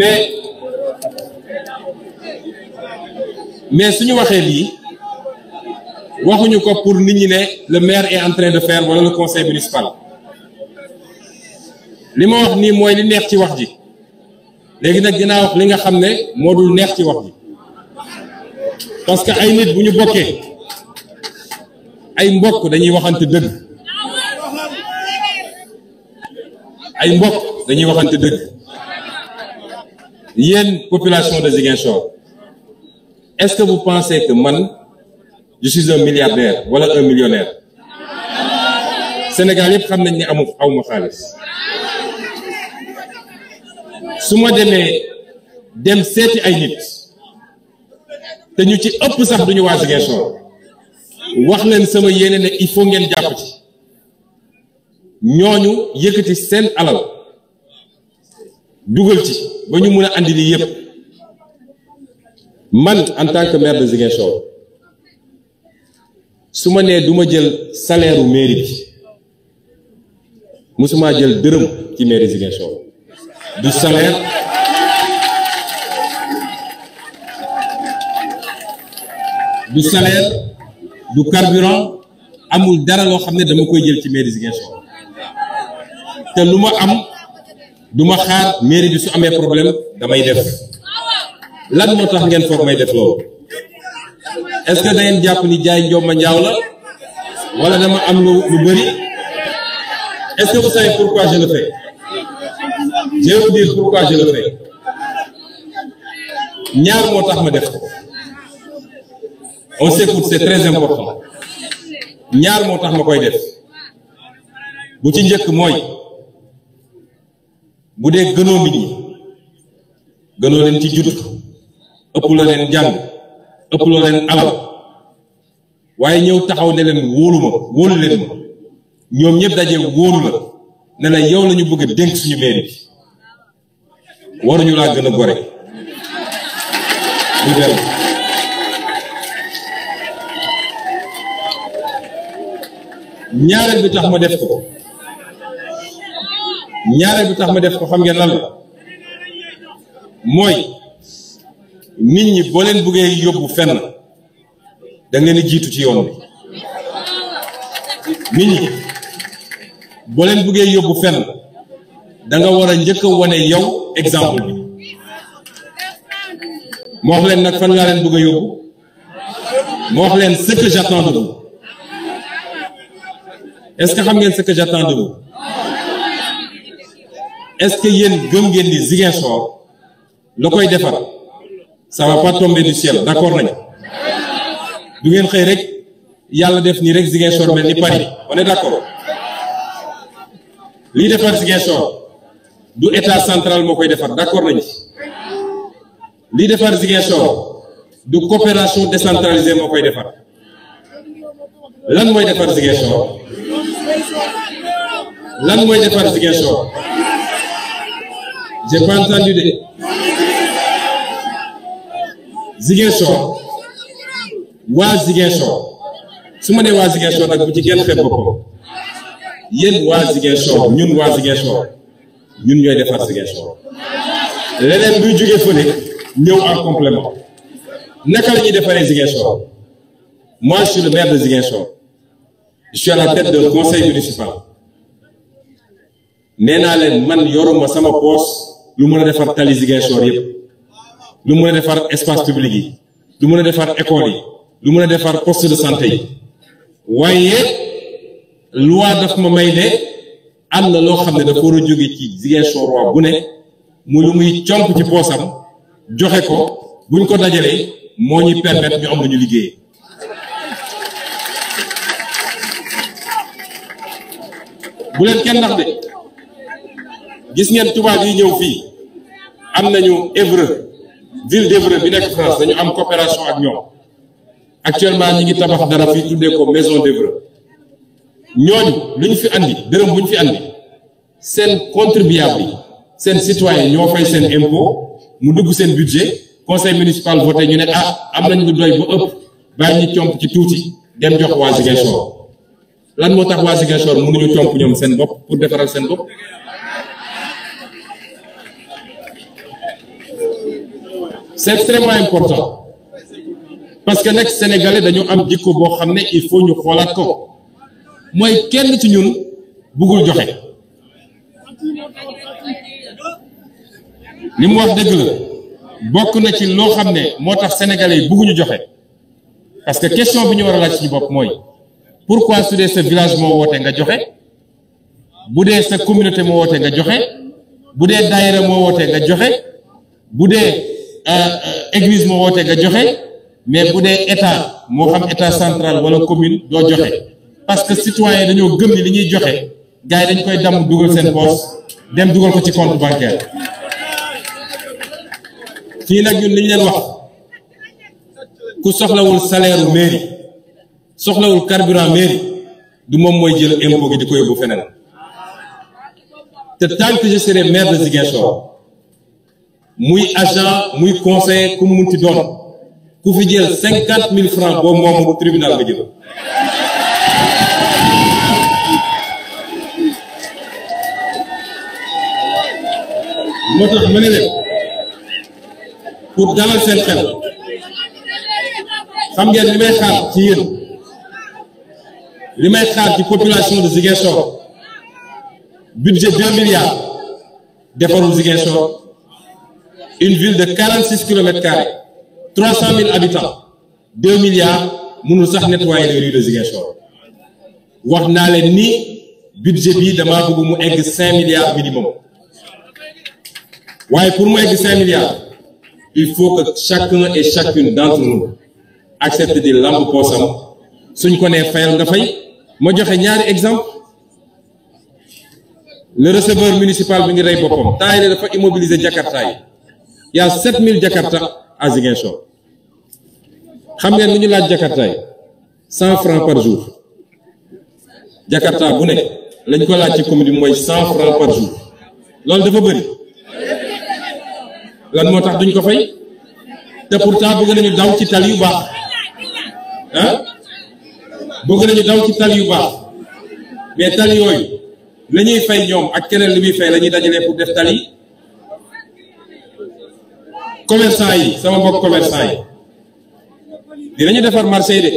mais mais suñu waxee lii waxuñu ko pour nit ñi ne le maire est en train de faire wala le conseil municipal li ma wax nii mooy li neex ci wax ji léegi nag dinaa wax li nga xam ne moo dul neex ci wax ji parce que ay nit bu ñu bokkee ay mbokk dañuy waxante dëgg ay mbokk dañuy waxante dëgg yenn population de Ziguinchor est-ce que vous pensez que man je suis un milliardaire wala un millionnaire Sénégal yëpp xam nañ ni amu awma ma xaalis su ma demee dem seeti ay nit te ñu ci ëpp sax duñu waa Ziguinchor wax leen sama yéene ne il faut ngeen jàpp ci ñooñu yëkkati seen alal dugal ci ba ñu mun a andi lii yëpp man en tant que maire de Ziguinchor su ma nee du ma jël salaire u mairie bi jël dërëm ci mairie Ziguinchor du salaire du carburant amul dara loo xam ne dama koy jël ci mairie Ziguinchor te lu ma am. du ma xaar mairie bi su amee problème damay def lan moo tax ngeen foog may def loolu est-ce jàpp ni jaay njomba njaaw la wala dama am lu lu bari est-ce que vous savez pourquoi je le ñaar moo tax ma def ko on s'écoute c'est très important ñaar moo tax ma koy def bu ci njëkk mooy. bu dee gënoo nit ñi gënoo leen ci juddu ëpp la leen jàng ëpp la leen alal waaye ñëw taxaw ne leen wóolu ma wóolu leen ma ñoom ñëpp daje wóolu la ne la yow la ñu dénk suñu mairie bi waruñu laa gën a gore ñu dem bi tax ma def ko ñaare bi tax ma def ko xam ngeen lan mooy nit ñi boo leen buggee yóbbu fenn da ngeen jiitu ci yoon bi nit ñi boo leen buggee yóbbu fen da nga war a njëkk wone yow exemple bi moo wax leen nag fan laa leen bëgg a yóbbu moo wax leen ce que j'attends est-ce que xam ngeen ce que j'attends est-ce que yéen gëm ngeen ni Ziguinchor loo koy defar sama va pas tomber du ciel d'accord nañu du ngeen xëy rek yàlla def nii rek Ziguinchor mel ni Paris on est d'accord lii defar Ziguinchor du état central moo koy defar d'accord nañu lii defar Ziguinchor du coopération décentralisée moo koy defar lan mooy defar Ziguinchor lan mooy defar Ziguinchor. J'ai pas entendu de. Ziguinchor. waa Ziguinchor. su ma nee waa Ziguinchor nag bu ci kenn xeeb boppam. yéen waa Ziguinchor ñun waa Ziguinchor ñun ñooy defar Ziguinchor. leneen buy jógee fële ñëw en complément. naka la ñuy defaree Ziguinchor. moi je suis le maire de Ziguinchor. je suis à la tête d'un conseil municipal. nee naa leen man yoruma sama poste. lu mën a defar tali Ziguinchor yëpp lu mën a defar espace public yi lu mën a defar école yi lu mën a defar poste de santé yi waaye loi daf ma may de am na loo xam ne dafa war a jóge ci Ziguinchor waa bu ne mu lu muy comp ci poosam joxe ko buñ ko dajalee moo ñuy permettre ñu am lu ñu liggéeyee bu leen kenn ndax de gis ngeen tubaab yi ñëw fii am nañu Évreux ville d'Évreux bi nekk France dañu am coopération ak ñoom actuellement ñi ngi tabax dara fii tuddee ko maison d'Évreux ñooñu lu ñu fi andi dërëm bu ñu fi andi seen contribuable yi seen citoyen ñoo fay seen impôt mu dugg seen budget conseil municipal voté ñu ne ah am nañ lu doy ba ëpp bàyyi ñu comp ci tuuti dem jox waa Ziguinchor lan moo tax waa Ziguinchor mënuñu comp ñoom seen bopp pour defaral seen bopp c'est extrêmement important parce que nag sénégalais dañu am jikko boo xam ne il faut ñu xoolaat ko mooy kenn ci ñun bëggul joxe li mu wax dëgg la bokk na ci loo xam ne moo tax sénégalais yi bugguñu joxe parce que question bi ñu war a laaj suñu bopp mooy pourquoi su dee sa village moo wootee nga joxe bu dee sa communauté moo wootee nga joxe bu dee daayira moo wootee nga joxe bu dee Euh, euh, église moo woote nga joxe mais bu dee état moo xam état central wala commune doo joxe parce que citoyen dañoo gëm ni li ñuy joxe gars yi dañ koy damm dugal seen poche dem dugal ko ci compte bancaire fii nag ñun li ñu leen wax ku soxlawul salaire mairie soxlawul carburant mairie du moom mooy jël impôt gi di ko yóbbu feneen te tant que je serai maire de Ziguinchor muy agent muy conseiller ku mu munti doon ku fi jël cinquante mille francs boo moom bu tribunal ba jël moo tax ma ne leen pour dalal seen xel xam ngeen li may xaar ci yéen li may xaar ci population de Ziguinchor budget deux milliards defarul Ziguinchor une ville de 46 kilomètres carrés 300 000 habitants 2 milliards mënul sax nettoyer les rues de Ziguinchor wax naa leen ni budget bi dama bëgg mu egg 5 milliards minimum pour mu egg 5 milliards il faut que chacun et chacune d'entre nous accepte di lamb poosam suñ ko nee fayal nga fay ma joxe ñaari exemple le receveur municipal bi ngi rey boppam temps yii dafa immobiliser Jakarta yi. il y a 7000 Jakarta à xam ngeen lu ñu laaj Jakarta cent 100 francs par jour Jakarta bu nekk lañ ko laaj ci commune bi moy 100 francs par jour loolu dafa bëri lan moo tax duñ ko fay te pourtant bëgg nañu daw ci tali yu baax ah bëgg nañu daw ci tali yu baax mais tali yooyu la ñuy fay ñoom ak keneen li muy fay la ñuy dajalee pour def tali. commerçant yi sama mbokk commerçant yi dinañu defar marché yi de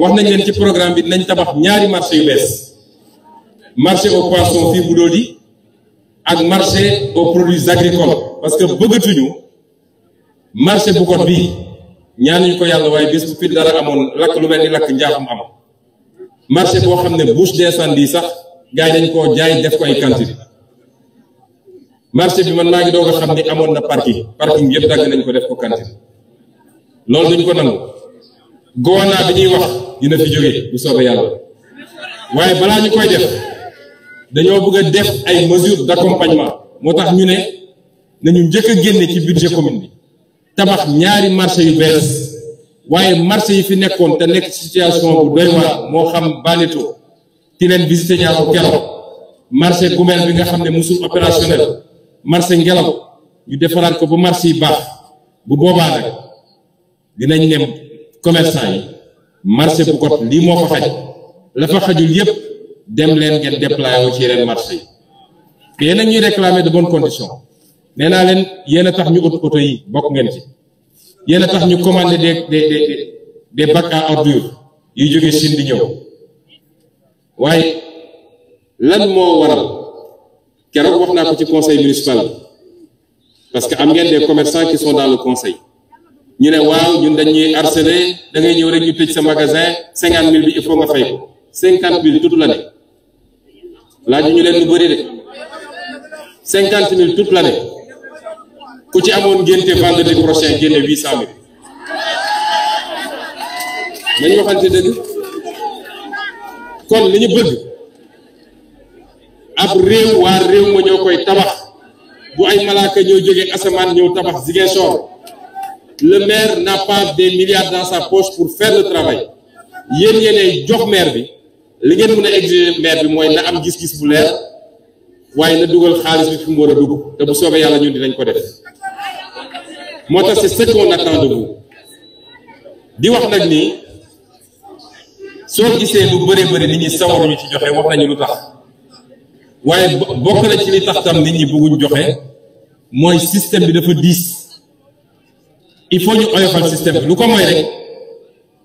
wax nañ leen ci programme bi dinañ tabax ñaari marché yu bees marché au poisson fii Mbudoodi ak marché aux produits agricoles parce que bëggatuñu marché bu bi bii ñaanuñu ko yàlla waaye bés bu fi dala amoon lakk lu mel ni lakk njaaxum am marché boo xam ne bouche d'incendie sax gars yi dañ koo jaay def ko ay marché bi man naa ngi doog a xam ni amoon na parking parking yëpp dagg nañ ko def ko cantine loolu duñ ko nangu gouvernant bi ñuy wax dina fi jóge bu soobee yàlla waaye balaa ñu koy def dañoo bëgg a def ay mesures d'accompagnement moo tax ñu ne nañu njëkk a génne ci budget commune bi tabax ñaari marché yu bees waaye marché yi fi nekkoon te nekk situation bu doy waar moo xam Baneto ti leen visité ñaar ko keroog marché Goumel bi nga xam ne musul opérationnel marché ngelaw ñu defaraat ko bu marché yi baax bu boobaa nag dinañ ne commerçant yi marché bu kot lii moo ko xaj la fa xajul yépp dem leen ngeen déployé wu ci yeneen marché yi te yéen ñuy réclamer de bonnes conditions nee naa leen yéen a tax ñu ut oto yi bokk ngeen ci yéen a tax ñu commandé des des des des bacs à ordures yuy jógee Chine ñëw waaye lan moo waral. keroog wax naa ko ci conseil municipal parce que am ngeen des commerçants qui sont dans le conseil ñu ne waaw ñun dañuy harcelé da ngay ñëw rek ñu tëj sa magasin cinquante mille bi i faut nga fay ko cinquante mille toute l'année laaju ñu leen lu bëri de cinquante mille toute l'année ku ci amoon ngénte vendredi prochain génne huit cent mille nañu waxante dëgg kon li ñu bëgg ab réew waa réew ma ñoo koy tabax bu ay malaaka ñoo jógee asamaan ñëw tabax Ziguinchor le maire n'a pas des milliards dans sa pour faire le travail yéen yéenee jox maire bi li ngeen mën a exiger maire bi mooy na am gis-gis bu leer waaye na dugal xaalis bi fi a dugg te bu soobee yàlla ñun di dinañ ko def moo tax c'est ce qu'on attend de vous di wax nag ni soo gisee lu bëree ni ñuy ñi sawaruñu ci joxe wax nañu lu tax. waaye bokk na ci li tax tam nit ñi bëgguñ joxe mooy système bi dafa diis il faut ñu oyofal système bi lu ko mooy rek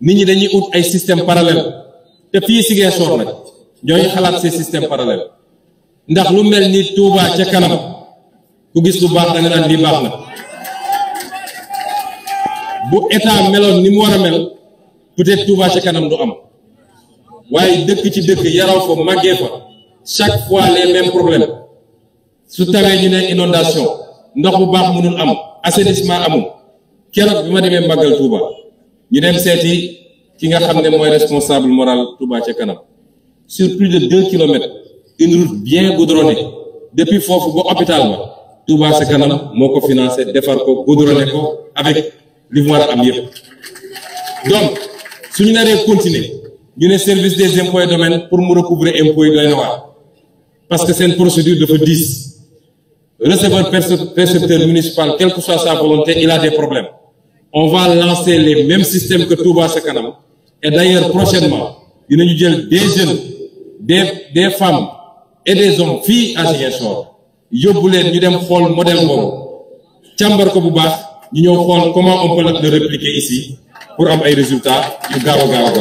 nit ñi dañuy ut ay système parallèle te fii si ngeen soor nag ñooy xalaat ces système parallèle ndax lu mel ni Touba ca kanam ku gis lu baax da nga naan lii baax na bu état meloon ni mu war a mel peut-être Touba ca kanam du am waaye dëkk ci dëkk yaraw ko màggee fa. chaque fois les mêmes problèmes su tawee ñu ne inondation ndox bu baax mënul am assainissement amul keroog bi ma demee màggal Touba ñu dem seeti ki nga xam ne mooy responsable moral Touba ca kanam sur plus de deux kilomètres une route bien goudronnée depuis foofu ba hôpital ba Touba ca kanam moo ko financé defar ko goudronné ko avec li mu war a am yëpp donc suñu naree continuer ñu ne service des impôts et domaines pour mu recouvrer impôts yi parce que seen procédure dafa diis receveur percepteur municipal quelle que soit sa volonté il a des problèmes on va lancer les mêmes systèmes que Touba Ca Kanam et d'ailleurs prochainement dinañu jël des jeunes des des femmes et des hommes fii à Ziguinchor yóbbu leen ñu dem xool modèle boobu càmbar ko bu baax ñu ñëw xool comment on peut le répliquer ici pour am ay résultat yu gaaw a gaaw a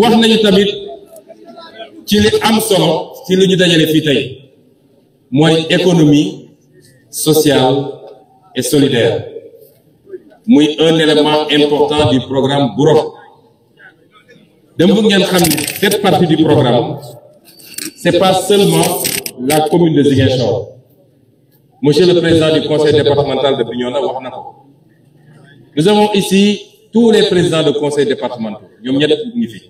wax nañu tamit. ci li am solo ci li ñu dajale fii tey mooy économie sociale et solidaire muy un élément important du programme Burok dama bëgg ngeen xam ne cette partie du programme c'est pas seulement la commune de Ziguinchor monsieur le président du conseil départemental de Bignona wax na ko nous avons ici tous les présidents de conseil départementaux ñoom ñett ngi fi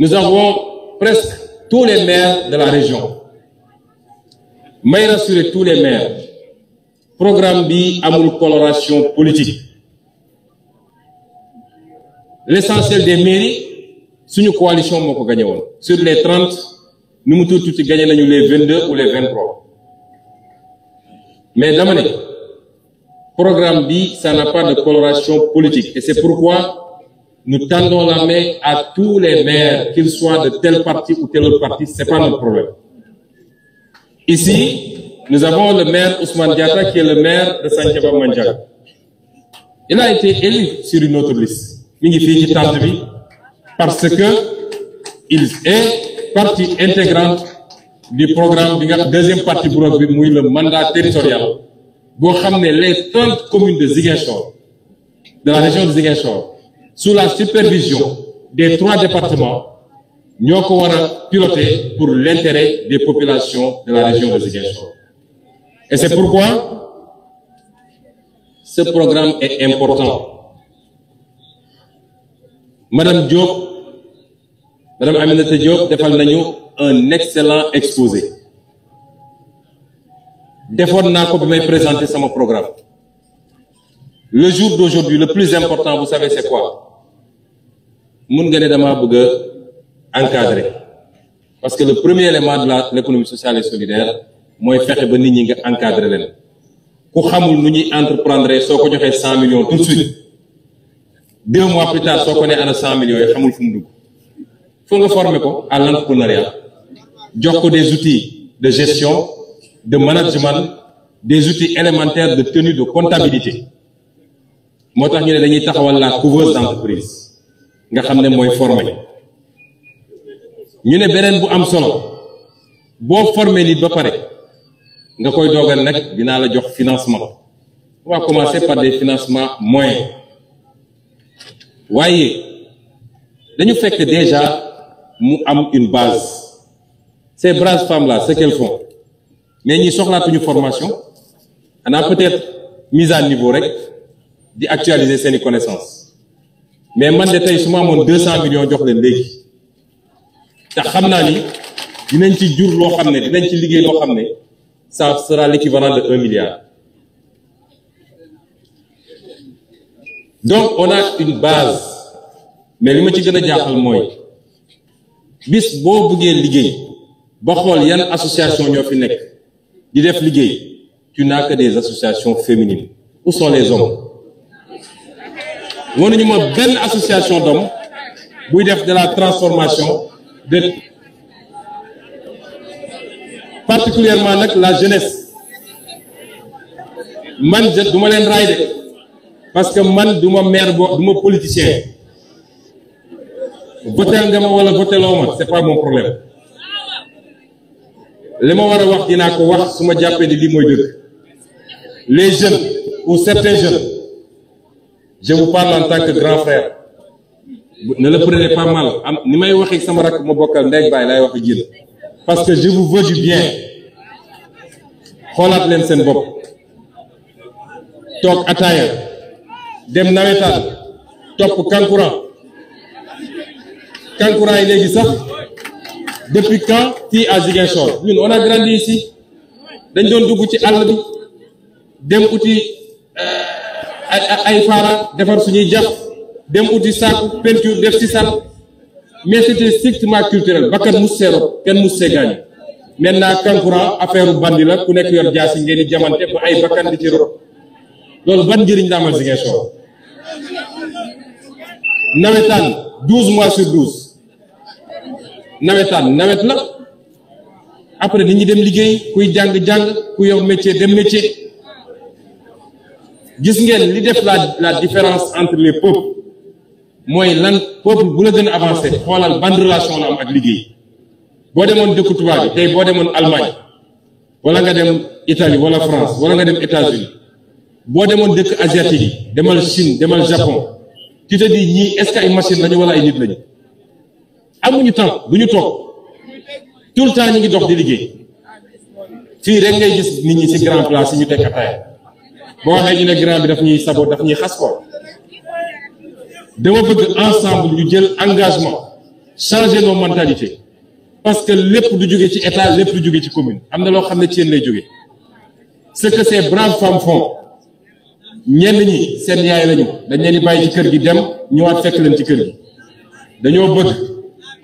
nous avons presque tous les maires de la région may rassurer tous les maires programme bi amul coloration politique l'essentiel des mairies suñu coalition moo ko gagné sur les trente nu mu tuuti tuuti gagné nañu les vingt deux ou les vingt mais dama ne bi ça n'a pas de coloration politique et c'est pourquoi Nous tendons la main à tous les maires, qu'ils soient de tel parti ou tel autre parti, ce n'est pas notre problème. Ici, nous avons le maire Ousmane Diata qui est le maire de Santiago Mandjak. Il a été élu sur une autre liste, parce que il est partie intégrante du programme du deuxième parti pour le mandat territorial. Pour les 30 communes de Ziguinchor, de la région de Ziguinchor, sous la supervision des trois départements ñoo ko war a piloter pour l'intérêt des populations de la région de Ziguinchor et c'est pourquoi ce programme est important Madame Diop Madame Aminata Diop defal nañu un excellent exposé defoon naa ko bi may présenter sama programme le jour d'aujourd'hui le plus important vous savez c'est quoi mun nga ne damaa bëgg a parce que le premier élément de la l'économie sociale et solidaire mooy fexe ba nit ñi nga encadrer leen ku xamul nu ñuy entreprendre soo ko joxee cent million tout de suite deux mois soo ko nee ana cent millions yi xamul fu mu dugg foo nga former ko à l'entrepreneuriat jox ko des outils de gestion de management des outils élémentaires de tenue de comptabilité moo tax ñu ne dañuy taxawal la couveuse d'entreprise nga xam ne mooy former ñu ne beneen bu am solo boo former nit ba pare nga koy doogal nag dinaa la jox financement on va commencer par des financement moyens waaye dañu fekk déjà mu am une base ces braves femmes là ce qu'elles font mais ñi soxlaatuñu formation xanaa peut-être mise à niveau rek di actualiser seen i connaissances mais man de tey su ma amoon deux cent millions jox leen léegi te xam naa ni dinañ ci jur loo xam ne dinañ ci liggéey loo xam ne sa sera l'équivalent de un milliard donc on a une base mais li ma ci gën a jaaxal mooy bis boo buggee liggéey ba xool yan association ñoo fi nekk di def liggéey ci n'as que des associations féminines où sont les hommes wanuñu ma benn association d'hommes buy def de la transformation de particulièrement nag la jeunesse man je du ma leen raay de parce que man du ma maire boo du ma politicien votel nga ma wala voteloo ma c'est pas mon problème li ma war a wax dinaa ko wax su ma jàppee di lii mooy dëgg les jeunes ou certains jeunes je vous parle en tant que grand frère ne le prenez pas mal am ni may waxee sama rakk ma bokkal ndeeg baay laay wax ak yéen parce que je vous veux bien xoolaat leen seen bopp toog ataaya dem nawetaan topp kankuran kankuran yi léegi sax depuis quand fii à Ziguinchor ñun on a dañ doon dugg ci àll bi dem uti. Euh, ay faara defar suñuy jax dem uti saak peinture def ci saak mais c'était strictement culturel ba kenn mus see rop kenn mus see gaañu maintenant Kankura bandi la ku nekk yor jaasi ngeen di jamante ba ay bakkan di ci rop loolu ban njëriñ la amal Ziguinchor nawetaan 12 mois sur 12 nawetaan nawet la après nit ñi dem liggéey kuy jàng jàng ku yow métier dem métier. gis ngeen li def la la différence entre les peuples mooy lan peuple bu la gën a avancé xoolal ban relation la am ak liggéey boo demoon dëkku tubaab bi boo demoon Allemagne wala nga dem Italie wala France wala nga dem États-Unis boo demoon dëkk asiatique yi demal Chine demal Japon tu te dis ñii est-ce que ay machine lañu wala ay nit lañu amuñu temps bu ñu toog tout le temps ñu ngi dox di liggéey fii rek ngay gis nit ñi ci grand place yi ñu teg ataaya boo waxee ñu ne grand bi dafa ñuy saboo daf ñuy xas ko dama bëgg ensemble ñu jël engagement changer nos mentalités parce que lépp du jóge ci état lépp du jóge ci commune am na loo xam ne ci yéen lay jóge ce que ces braves femmes font ñenn ñi seen yaay lañu dañ leen di bàyyi ci kër gi dem ñëwaat fekk leen ci kër gi dañoo bëgg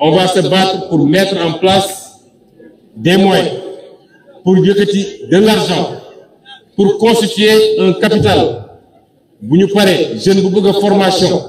on va se battre pour mettre en place des moyens pour yëkkati de l'argent pour constituer un capital bu ñu paree jeune bu bëgg a formation